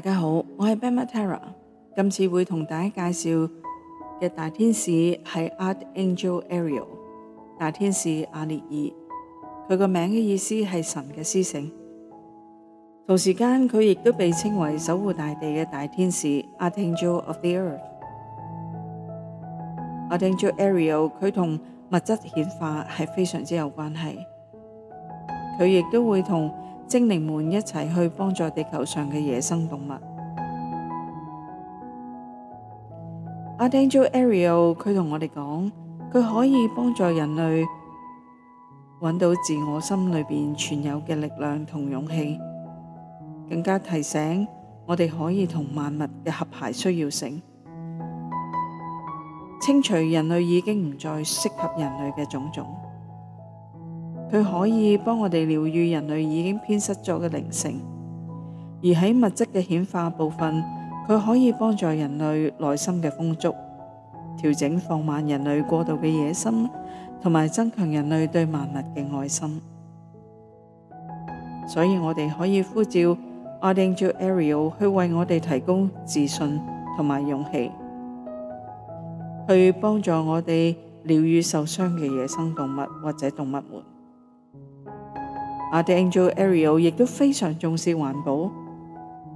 大家好，我係 Padma Tara，今次會同大家介紹嘅大天使係 Archangel Ariel，大天使亞列爾，佢個名嘅意思係神嘅獅性，同時間佢亦都被稱為守護大地嘅大天使 Archangel of the Earth，Archangel Ariel，佢同物質顯化係非常之有關係，佢亦都會同。精靈們一齊去幫助地球上嘅野生動物。Archangel Ariel，佢同我哋講，佢可以幫助人類揾到自我心裏面存有嘅力量同勇氣，更加提醒我哋可以同萬物嘅和諧需要性，清除人類已經唔再適合人類嘅種種。佢可以幫我哋療癒人類已經偏失咗嘅靈性，而喺物質嘅顯化部分，佢可以幫助人類內心嘅豐足，調整放慢人類過度嘅野心，同埋增強人類對萬物嘅愛心。所以我哋可以呼召 Archangel Ariel 去為我哋提供自信同埋勇氣，去幫助我哋療癒受傷嘅野生動物或者動物們。大天使 Ariel 亦都非常重視環保，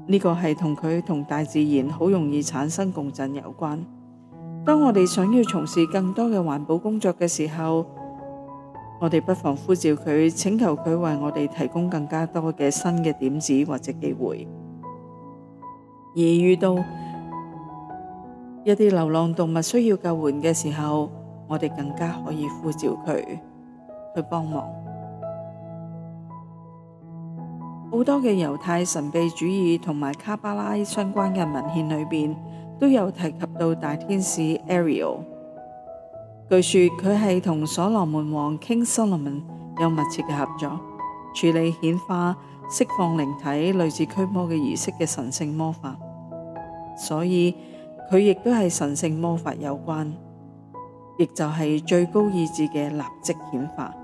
呢個係同佢同大自然好容易產生共振有關。當我哋想要從事更多嘅環保工作嘅時候，我哋不妨呼召佢，請求佢為我哋提供更加多嘅新嘅點子或者機會。而遇到一啲流浪動物需要救援嘅時候，我哋更加可以呼召佢去幫忙。好多嘅猶太神秘主義同埋卡巴拉相關嘅文獻裏面都有提及到大天使 Ariel。據說佢係同所羅門王 King Solomon 有密切嘅合作，處理顯化、釋放靈體、類似驅魔嘅儀式嘅神聖魔法。所以佢亦都係神聖魔法有關，亦就係最高意志嘅立即顯化。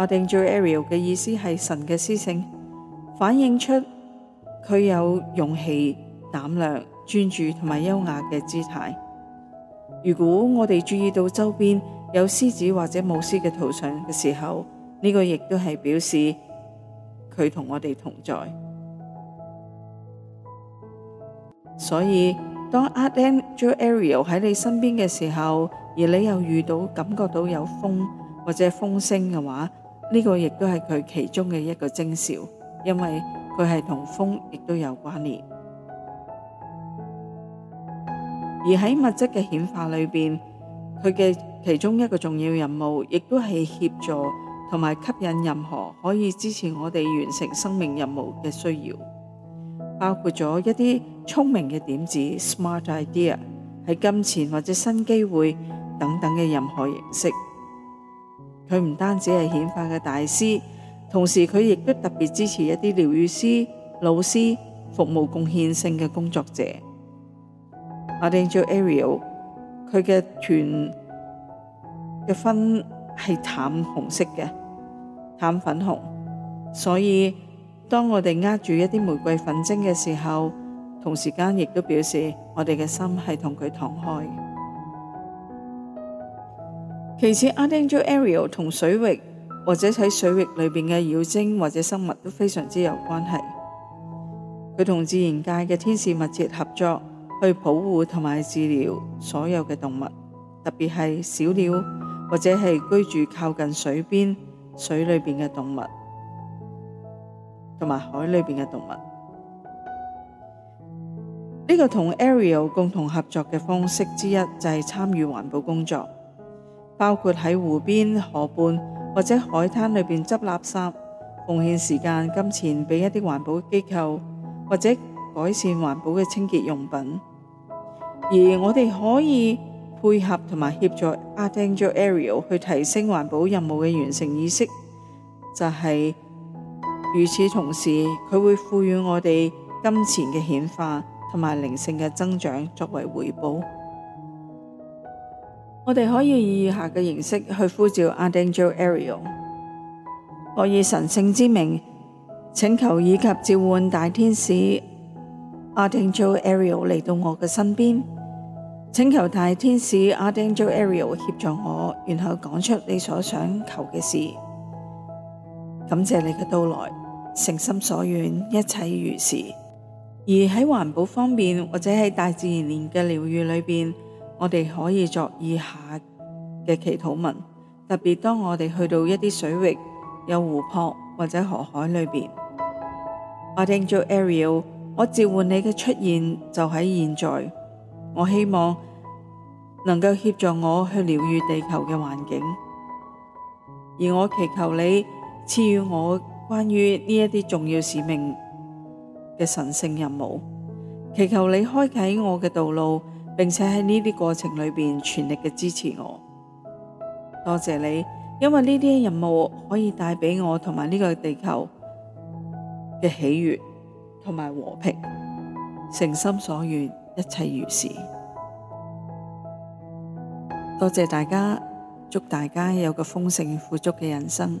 Archangel Ariel 嘅意思係神嘅獅性，反映出佢有勇氣、膽量、專注同埋優雅嘅姿態。如果我哋注意到周邊有獅子或者母獅嘅圖像嘅時候，呢個亦都係表示佢同我哋同在。所以當 Archangel Ariel 喺你身邊嘅時候，而你又遇到感覺到有風或者風聲嘅話，呢個亦都係佢其中嘅一個徵兆，因為佢係同風亦都有關聯。而喺物質嘅顯化裏面，佢嘅其中一個重要任務，亦都係協助同埋吸引任何可以支持我哋完成生命任務嘅需要，包括咗一啲聰明嘅點子 （smart idea） 係金錢或者新機會等等嘅任何形式。佢唔單止係顯化嘅大師，同時佢亦都特別支持一啲療愈師、老師、服務貢獻性嘅工作者。我哋叫 Ariel，佢嘅團嘅分係淡紅色嘅，淡粉紅。所以當我哋握住一啲玫瑰粉晶嘅時候，同時間亦都表示我哋嘅心係同佢敞開。其次、Archangel Ariel 同水域或者喺水域裏邊嘅妖精或者生物都非常之有關係。佢同自然界嘅天使密切合作，去保護同埋治療所有嘅動物，特別係小鳥或者係居住靠近水邊、水裏邊嘅動物，同埋海裏邊嘅動物。呢、這個同 Ariel 共同合作嘅方式之一就係參與環保工作。包括喺湖邊、河畔或者海灘裏邊執垃圾，奉獻時間、金錢俾一啲環保機構，或者改善環保嘅清潔用品。而我哋可以配合同埋協助 Archangel Ariel 去提升環保任務嘅完成意識，就係與此同時，佢會賦予我哋金錢嘅顯化同埋靈性嘅增長作為回報。我哋可以以，以下嘅形式去呼召 Archangel Ariel。我以神聖之名請求以及召喚大天使 Archangel Ariel 嚟到我嘅身邊，請求大天使 Archangel Ariel 協助我，然後講出你所想求嘅事。感謝你嘅到來，誠心所願，一切如是。而喺環保方面，或者喺大自然嘅療癒裏邊。我哋可以作以下嘅祈禱文，特別當我哋去到一啲水域、有湖泊或者河海裏邊。Archangel Ariel，我召喚你嘅出現就喺現在。我希望能夠協助我去療癒地球嘅環境，而我祈求你賜予我關於呢一啲重要使命嘅神聖任務。祈求你開啟我嘅道路。並且喺呢啲過程裏面全力嘅支持我，多謝你，因為呢啲任務可以帶畀我同埋呢個地球嘅喜悅同埋和平，誠心所願，一切如是。多謝大家，祝大家有個豐盛富足嘅人生。